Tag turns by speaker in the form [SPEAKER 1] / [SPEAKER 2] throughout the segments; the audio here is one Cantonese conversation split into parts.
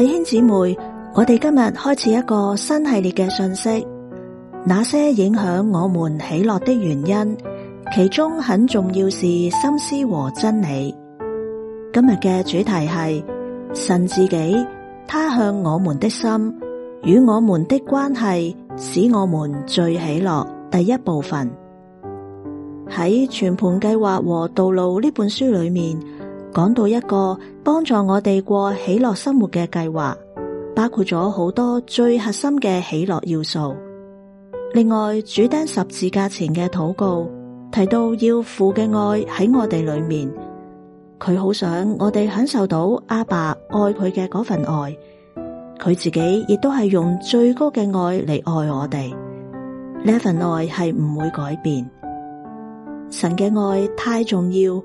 [SPEAKER 1] 弟兄姊妹，我哋今日開始一個新系列嘅信息，那些影響我們喜樂的原因，其中很重要是心思和真理。今日嘅主題係神自己，他向我們的心，與我們的關係，使我們最喜樂。第一部分喺全盤計劃和道路呢本書裏面。講到一個幫助我哋過喜樂生活嘅計劃，包括咗好多最核心嘅喜樂要素。另外，主釘十字架前嘅禱告提到要父嘅愛喺我哋裏面，佢好想我哋享受到阿爸愛佢嘅嗰份愛。佢自己亦都係用最高嘅愛嚟愛我哋，呢份愛係唔會改變。神嘅愛太重要。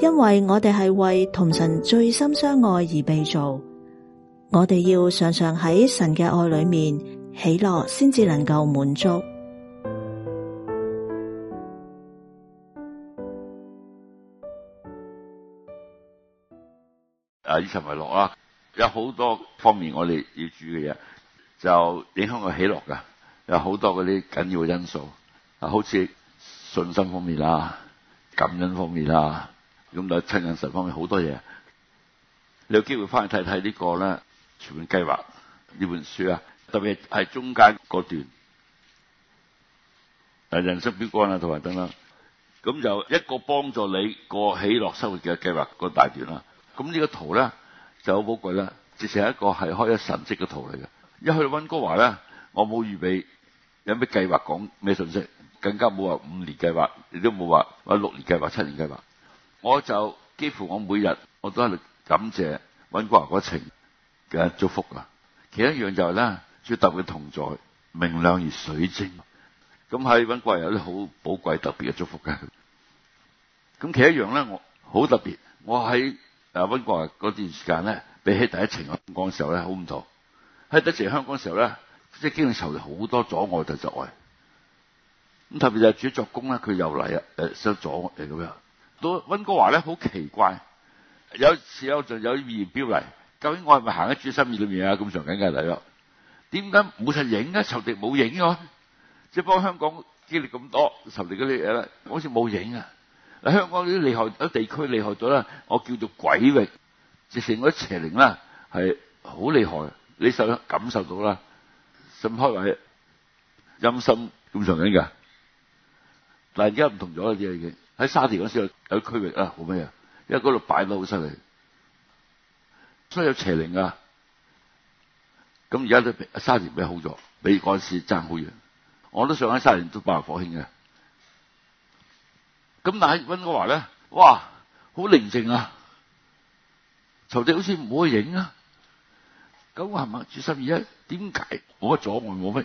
[SPEAKER 1] 因為我哋係為同神最深相愛而被造，我哋要常常喺神嘅愛裡面喜樂，先至能夠滿足。
[SPEAKER 2] 啊，以神為樂啦，有好多方面我哋要主嘅嘢，就影響個喜樂嘅，有好多嗰啲緊要嘅因素啊，好似信心方面啦、感恩方面啦。咁就趁眼神方面好多嘢，你有機會翻去睇睇呢個咧全面計劃呢本書啊，特別係中間嗰段，嗱人生標竿啊同埋等等，咁就一個幫助你過喜樂生活嘅計劃個大段啦。咁呢個圖咧就好寶貴啦，直情係一個係開咗神跡嘅圖嚟嘅。一去到溫哥華咧，我冇預備有咩計劃講咩信息，更加冇話五年計劃，亦都冇話話六年計劃、七年計劃。我就幾乎我每日我都喺度感謝溫國華嗰程嘅祝福啦。其一樣就係咧，主特別同在，明亮如水晶。咁喺溫國華有啲好寶貴特別嘅祝福嘅。咁其一樣咧，我好特別。我喺誒溫國華嗰段時間咧，比起第一程香港嘅時候咧，好唔同。喺第一程香港嘅時候咧，即係經常受好多阻礙就阻礙。咁特別就係主作工咧，佢又嚟啊！誒、呃，想阻礙咁樣。到溫哥華咧，好奇怪，有時有仲有預言標嚟，究竟我係咪行喺主心意裏面啊？咁長緊嘅例子，點解冇實影啊？仇敵冇影喎，即係幫香港經歷咁多仇敵嗰啲誒，好似冇影啊！香港啲厲害，有地區厲害咗咧，我叫做鬼域，直情嗰啲邪靈啦，係好厲害，你受感受到啦，甚開懷陰森咁長緊㗎，但而家唔同咗啲嘢嘅。喺沙田嗰時候有區域啊好咩啊，因為嗰度擺得好犀利，所以有邪靈啊。咁而家都沙田比好咗，比嗰陣時爭好遠。我都想喺沙田都爆火興嘅。咁但係温哥華咧，哇，好寧靜啊，草地好似唔可以影啊。咁係咪主心意？點解我阻礙冇咩？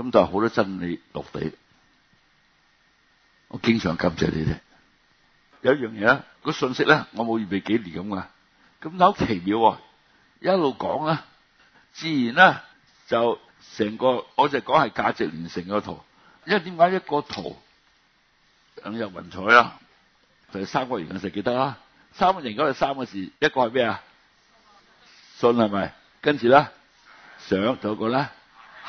[SPEAKER 2] 咁就係好多真理落地，我經常感謝你哋。有一樣嘢咧，個信息咧，我冇預備幾年咁啊。咁又好奇妙，一路講啦，自然咧就成個，我就講係價值連成個圖。因為點解一個圖兩有雲彩啦，就三角形，記唔記得啦？三角形咁係三個字，一個係咩啊？信係咪？跟住咧，想咗個啦。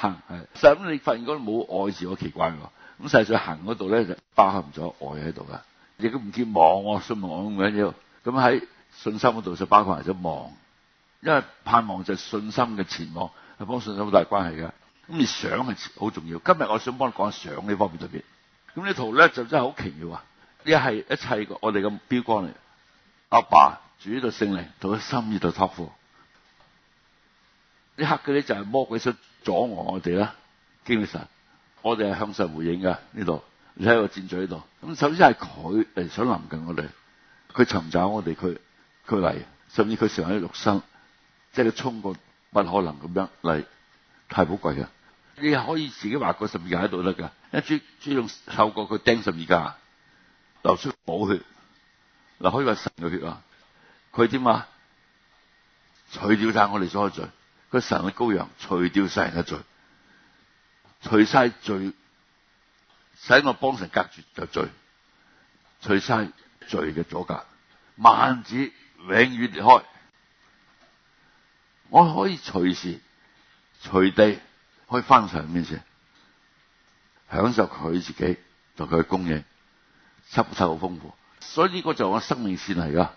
[SPEAKER 2] 係，所以咁你發現嗰啲冇愛字好奇怪喎。咁實際行嗰度咧就包含咗愛喺度㗎。亦都唔見望信望咁緊要。咁喺信心嗰度就包含咗望，因為盼望就信心嘅前望，係幫信心好大關係㗎。咁而想係好重要，今日我想幫你講想呢方面特別。咁呢圖咧就真係好奇妙，呢係一切我哋嘅標杆嚟。阿爸，爸主呢度聖靈，同佢心呢度託付。呢刻嘅啲就係魔鬼想阻礙我哋啦，經歷神，我哋係向上回應噶呢度，你睇個箭嘴呢度。咁首先係佢嚟想臨近我哋，佢尋找我哋，佢佢嚟，甚至佢成日喺度肉身，即係衝過不可能咁樣嚟，太寶貴啊，你可以自己畫個十字架喺度得噶，一注注重透過佢釘十字架，流出寶血，嗱可以話神嘅血啊。佢點啊？除掉晒我哋所有罪。個神嘅羔羊除掉世人嘅罪，除晒罪，使我幫神隔絕就罪，除晒罪嘅阻隔，萬子永遠裂開，我可以隨時、隨地可以翻上面先，享受佢自己同佢嘅供應，汁好豐富，所以呢個就係我生命線嚟㗎。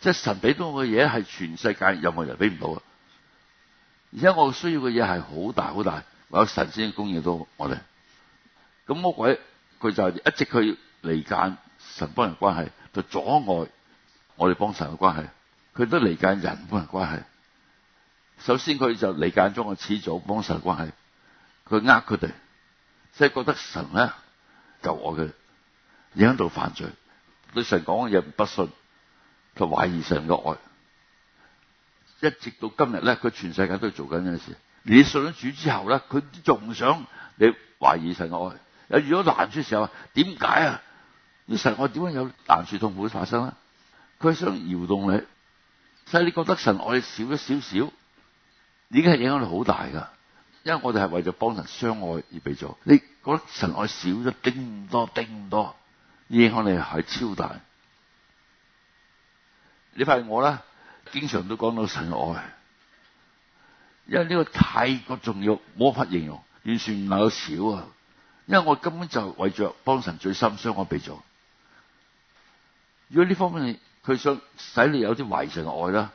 [SPEAKER 2] 即係神俾到我嘅嘢，係全世界任何人俾唔到嘅。而且我需要嘅嘢係好大好大，唯有神先供應到我哋。咁魔鬼佢就一直佢離間神幫人的關係，就阻礙我哋幫神嘅關係。佢都離間人幫人的關係。首先佢就離間咗我始祖幫神嘅關係，佢呃佢哋，即係覺得神咧救我嘅，影響到犯罪，對神講嘅嘢唔不信。佢就懷疑神嘅愛，一直到今日咧，佢全世界都做緊呢件事。你信咗主之後咧，佢仲想你懷疑神嘅愛。有遇到難處嘅時候，點解啊？神愛點解有難處痛苦發生咧？佢係想搖動你，所以你覺得神愛少咗少少，已經係影響力好大噶。因為我哋係為咗幫神相愛而俾做，你覺得神愛少咗叮多叮多，影響力係超大。你譬如我啦，經常都講到神愛，因為呢個太過重要，冇法形容，完全唔能夠少啊！因為我根本就為着「幫神最深，所以我俾咗。如果呢方面佢想使你有啲懷神愛啦，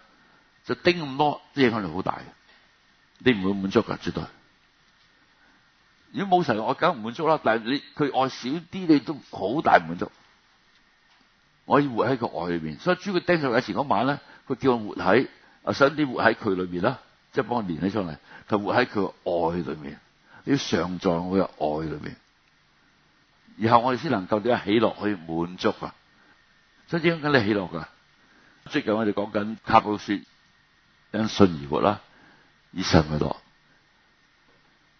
[SPEAKER 2] 就叮咁多，啲影響力好大，你唔會滿足噶絕對。如果冇神愛，我梗唔滿足啦。但係你佢愛少啲，你都好大滿足。我要活喺佢愛裡面，所以主佢釘咗以前嗰晚咧，佢叫我活喺啊，想啲活喺佢裡面啦，即係幫我連起上嚟，就活喺佢愛裡邊，要常在我嘅愛裡面。然後我哋先能夠點樣喜樂去滿足啊，所以點解你喜樂噶？最近我哋講緊卡布說因信而活啦，以神為樂，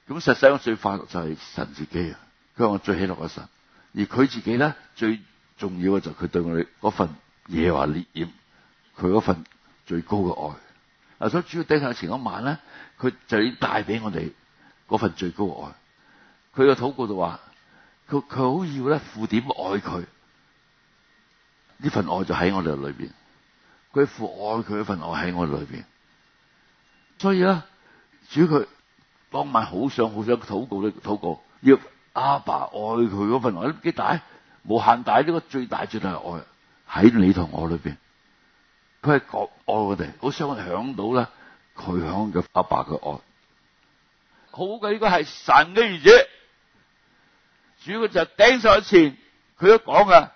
[SPEAKER 2] 咁實際上我最快樂就係神自己啊，佢係我最喜樂嘅神，而佢自己咧最。重要嘅就係佢對我哋嗰份嘢話烈焰，佢嗰份最高嘅愛。啊，所以主要頂下前嗰晚咧，佢就要帶俾我哋嗰份最高嘅愛。佢嘅禱告就話，佢佢好要咧負點愛佢，呢份愛就喺我哋裏邊。佢負愛佢嗰份愛喺我哋裏邊。所以咧，主佢當晚好想好想禱告咧，禱告要阿爸爸愛佢嗰份愛，幾大？無限大呢，這個最大最大係愛喺你同我裏邊，佢係國愛我哋，好想響到呢，佢響嘅阿爸嘅愛，好嘅呢，這個係神嘅原則，主要就頂上前，佢一講㗎。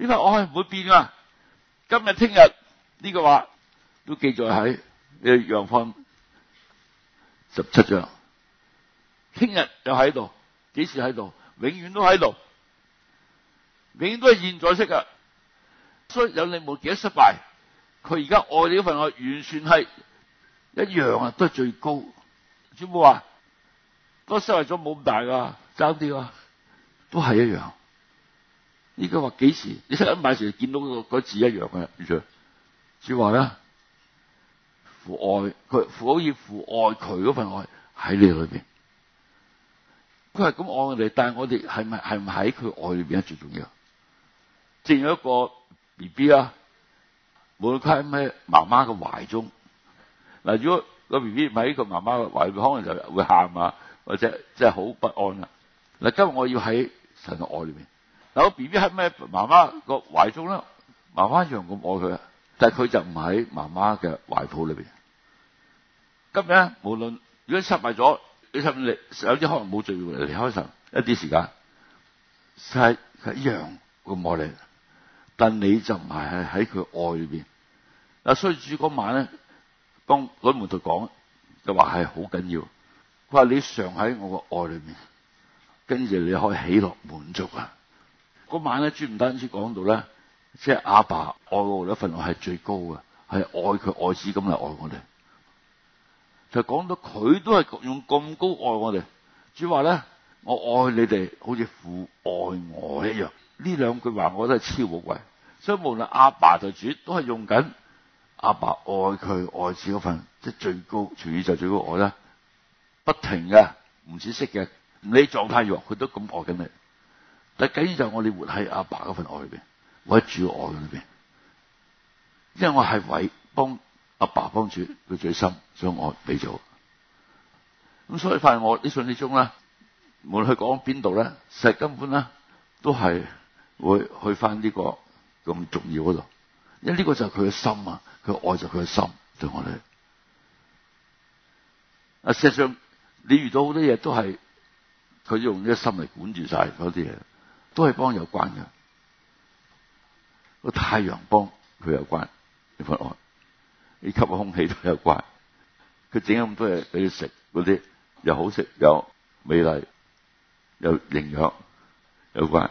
[SPEAKER 2] 呢，這個愛唔會，會變啊，今日聽日呢個話都記載喺《約翰》十七章，聽日又喺度，幾時喺度，永遠都喺度。永遠都係現在式噶，所以有你冇幾失敗，佢而家愛你嗰份愛完全係一樣啊，都係最高。主母話都失為咗冇咁大噶，爭啲啊，都係一樣。呢句話幾時？你一晚時見到個字一樣嘅，主話咩？父愛佢，可以父愛佢嗰份愛喺你裏邊，佢係咁愛我哋，但係我哋係咪係唔喺佢愛裏邊啊？最重要。生咗一個 B B 啊，無論佢喺咩媽媽嘅懷中，嗱，如果個 B B 唔喺個媽媽嘅懷裏可能就會喊啊，或者即係好不安啊。嗱，今日我要喺神嘅愛裏邊，嗱、個 B B 喺咩媽媽個懷中咧，媽媽一樣咁愛佢，但係佢就唔喺媽媽嘅懷抱裏邊。今日無論如果失迷咗，你啲可能冇罪離開神一啲時間，但係佢一樣咁愛你。但你就唔係喺喺佢愛裏邊，嗱，所以主嗰晚咧，幫佢門徒講，就話係好緊要。佢話你常喺我嘅愛裏面，跟住你可以喜樂滿足啊。嗰晚咧，主唔單止講到咧，即係阿爸，爸愛我哋一份係最高嘅，係愛佢愛子咁嚟，就是，愛我哋。就講到佢都係用咁高愛我哋。主話咧，我愛你哋好似父愛我一樣。呢兩句話我都係超寶貴，所以無論阿爸就主都係用緊阿爸愛佢愛子嗰份，即係最高全宇宙最高愛啦不停嘅，唔止息嘅，唔理狀態如何，佢都咁愛緊你。但係緊要就我哋活喺阿爸嗰份愛裏邊，或喺主愛裏邊，因為我係為幫阿爸幫主，佢最深將愛俾咗。咁所，所以發現我啲信息中咧，無論去講邊度咧，實根本咧都係。會去翻呢個咁重要嗰度，因為呢個就係佢嘅心啊，佢愛就佢嘅心，對我哋。啊，實際上你遇到好多嘢，都係佢用呢個心嚟，管住晒嗰啲嘢，都係幫有關嘅。個太陽幫佢有關，呢份愛，你吸嘅空氣都有關，佢整咁多嘢俾你食，嗰啲又好食又美麗又營養，有關。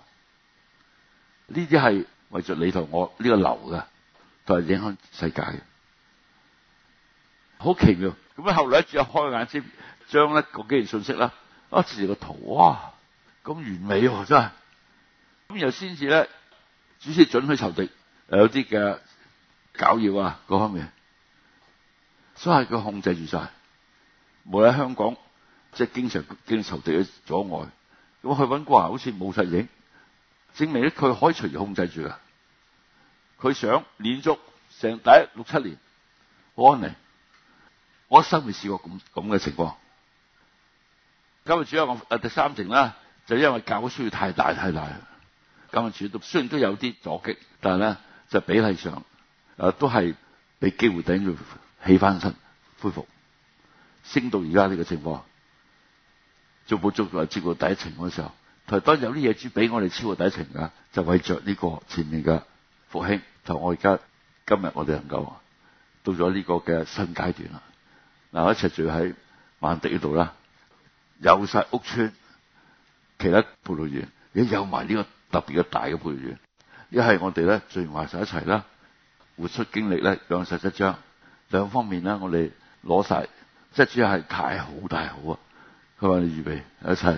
[SPEAKER 2] 呢啲係為著你同我呢個流嘅，同埋影響世界嘅。好奇妙，咁後嚟一轉開眼先將呢幾條信息啦，啊，截個圖哇咁完美喎，啊，真係。咁又先至咧，主席準許仇敵有啲嘅搞嘢啊，嗰方面，所以佢控制住晒。冇喺香港即係經常經仇敵嘅阻礙。咁去揾郭華，好似冇曬影。證明咧佢可以隨意控制住噶，佢想連續成第一六七年安寧，我一生未試過咁咁嘅情況。今日主要講、啊、第三程啦，就因為教會需要太大太大。今日主要都雖然都有啲阻擊，但係咧就比例上、啊、都係俾機會頂住起翻身恢復，升到而家呢個情況，足唔足夠接過第一程嗰時候？當有啲嘢主俾我哋超過底程噶，就為著呢個前面嘅復興。同我而家今日我哋能夠到咗呢個嘅新階段啦。嗱，一齊住喺萬迪嗰度啦，有晒屋村，其他配樂員，亦有埋呢個特別嘅大嘅配樂員。呢一係我哋咧聚埋晒一齊啦，活出經歷咧兩實一章，兩方面咧我哋攞晒，即係主要係大好大好啊！佢話你預備一齊。